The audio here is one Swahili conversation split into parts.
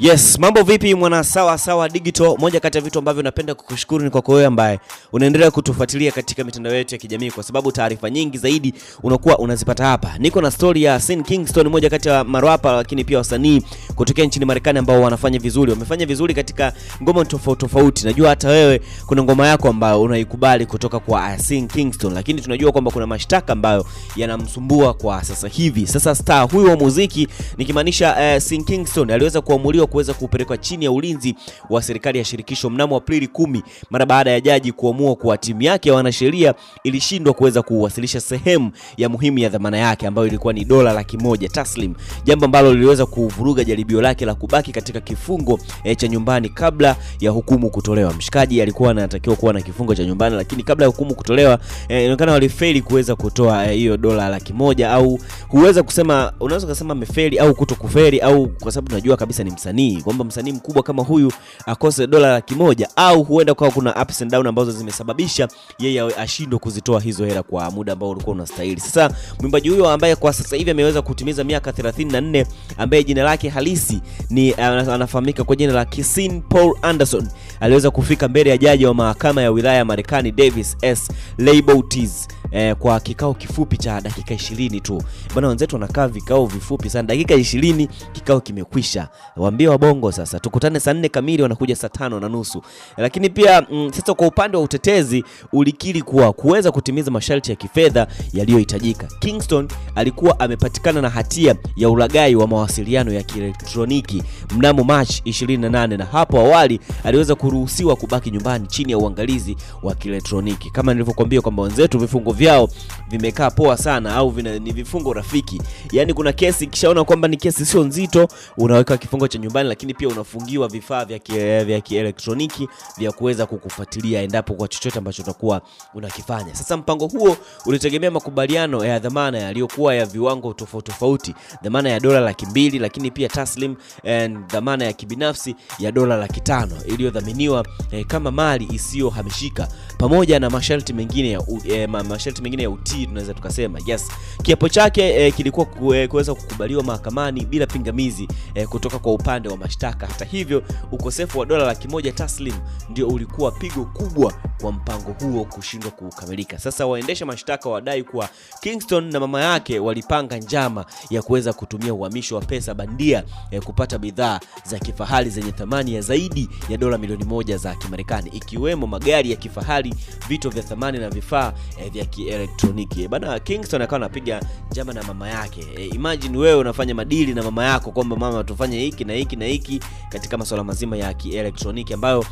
Yes, mambo vipi mwana sawa sawa digital? Moja kati ya vitu ambavyo napenda kukushukuru ni kwako wewe ambaye unaendelea kutufuatilia katika mitandao yetu ya kijamii, kwa sababu taarifa nyingi zaidi unakuwa unazipata hapa. Niko na story ya Sean Kingston, moja kati ya marapa lakini pia wasanii kutokea nchini Marekani ambao wanafanya vizuri, wamefanya vizuri katika ngoma tofauti tofauti. Najua hata wewe kuna ngoma yako ambayo unaikubali kutoka kwa Asin Kingston, lakini tunajua kwamba kuna mashtaka ambayo yanamsumbua kwa sasa hivi. Sasa star huyu wa muziki nikimaanisha uh, eh, Asin Kingston aliweza kuamuliwa kuweza kupelekwa chini ya ulinzi wa serikali ya shirikisho mnamo Aprili kumi mara baada ya jaji kuamua kuwa timu yake ya wanasheria ilishindwa kuweza kuwasilisha sehemu ya muhimu ya dhamana yake ambayo ilikuwa ni dola laki moja taslim, jambo ambalo liliweza kuvuruga jaribio jaribio lake la kubaki katika kifungo e, cha nyumbani kabla ya hukumu kutolewa. Mshikaji alikuwa anatakiwa kuwa na kifungo cha nyumbani, lakini kabla ya hukumu kutolewa e, inaonekana walifeli kuweza kutoa eh, hiyo e, dola laki moja au huweza kusema, unaweza kusema amefeli au kuto kufeli au kwa sababu tunajua kabisa ni msanii kwamba msanii mkubwa kama huyu akose dola laki moja au huenda kwa kuna ups and down ambazo zimesababisha yeye ashindwe kuzitoa hizo hela kwa muda ambao ulikuwa unastahili. Sasa mwimbaji huyo ambaye kwa sasa hivi ameweza kutimiza miaka 34 ambaye jina lake halisi polisi ni eh, anafahamika kwa jina la Kisin Paul Anderson aliweza kufika mbele ya jaji wa mahakama ya wilaya ya Marekani Davis S. Leibowitz eh, kwa kikao kifupi cha dakika ishirini tu bwana. Wenzetu wanakaa vikao vifupi sana, dakika ishirini kikao kimekwisha. Waambie wabongo sasa, tukutane saa nne kamili, wanakuja saa tano na nusu. Lakini pia mm, sasa kwa upande wa utetezi ulikiri kuwa kuweza kutimiza masharti ya kifedha yaliyohitajika, Kingston alikuwa amepatikana na hatia ya ulagai wa mawasiliano ya kielektroniki mnamo Machi 28 na hapo awali aliweza kuruhusiwa kubaki nyumbani chini ya uangalizi wa kielektroniki. Kama nilivyokuambia kwamba wenzetu vifungo vyao vimekaa poa sana au vina, ni vifungo rafiki. Yaani kuna kesi kishaona kwamba ni kesi sio nzito, unaweka kifungo cha nyumbani, lakini pia unafungiwa vifaa vya vya kielektroniki vya kuweza kukufuatilia endapo kwa chochote ambacho utakuwa unakifanya. Sasa mpango huo ulitegemea makubaliano ya dhamana yaliyokuwa ya viwango tofauti tofauti, dhamana ya dola laki mbili lakini pia taslim and dhamana ya kibinafsi ya dola laki tano iliyodhaminiwa eh, kama mali isiyohamishika pamoja na masharti mengine ya, eh, masharti mengine ya utii, tunaweza tukasema yes, kiapo chake e, kilikuwa kuweza kukubaliwa mahakamani bila pingamizi e, kutoka kwa upande wa mashtaka. Hata hivyo, ukosefu wa dola laki moja taslim ndio ulikuwa pigo kubwa kwa mpango huo kushindwa kukamilika. Sasa waendesha mashtaka wadai kuwa Kingston na mama yake walipanga njama ya kuweza kutumia uhamisho wa pesa bandia e, kupata bidhaa za kifahari zenye thamani ya zaidi ya dola milioni moja za Kimarekani, ikiwemo magari ya kifahari, vito vya thamani na vifaa e, vya kielektroniki bana. Kingston akawa anapiga njama na mama yake e, imagine wewe unafanya madili na mama yako kwamba mama, tufanye hiki na hiki na hiki katika masuala mazima ya kielektroniki ambayo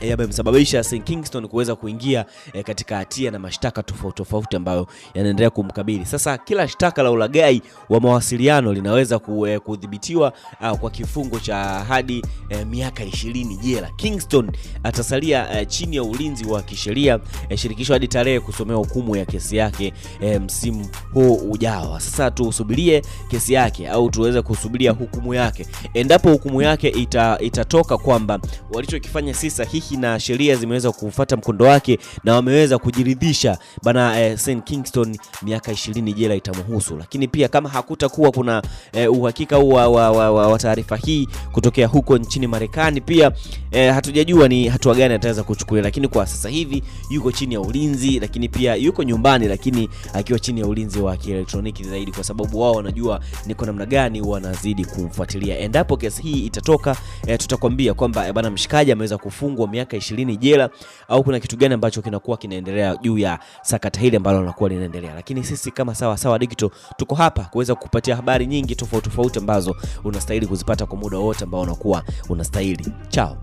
e, eh, St Kingston kuweza kuingia e, katika hatia na mashtaka tofauti tofauti ambayo yanaendelea kumkabili. Sasa kila shtaka la ulagai wa mawasiliano linaweza ku, e, kudhibitiwa a, ah, kwa kifungo cha hadi e, miaka ishirini jela. Kingston atasalia e, chini ya ulinzi wa kisheria e, shirikisho hadi tarehe kusomewa hukumu ya kesi yake e, msimu huu ujao. Sasa tusubirie kesi yake au tuweze kusubiria hukumu yake. Endapo hukumu yake ita, itatoka kwamba walichokifanya si sahihi haki na sheria zimeweza kufuata mkondo wake na wameweza kujiridhisha bana eh, St. Kingston miaka 20 jela itamhusu, lakini pia kama hakutakuwa kuna eh, uhakika wa, wa, wa, wa, wa taarifa hii kutokea huko nchini Marekani pia eh, hatujajua ni hatua gani ataweza kuchukulia, lakini kwa sasa hivi yuko chini ya ulinzi, lakini pia yuko nyumbani, lakini akiwa chini ya ulinzi wa kielektroniki zaidi, kwa sababu wao wanajua ni kwa namna gani wanazidi kumfuatilia. Endapo kesi hii itatoka, eh, tutakwambia kwamba eh, bana mshikaji ameweza kufungwa miaka ishirini jela au kuna kitu gani ambacho kinakuwa kinaendelea juu ya sakata hili ambalo linakuwa linaendelea. Lakini sisi kama Sawa Sawa Digital tuko hapa kuweza kukupatia habari nyingi tofauti tofauti ambazo unastahili kuzipata kwa muda wote ambao unakuwa unastahili. Chao.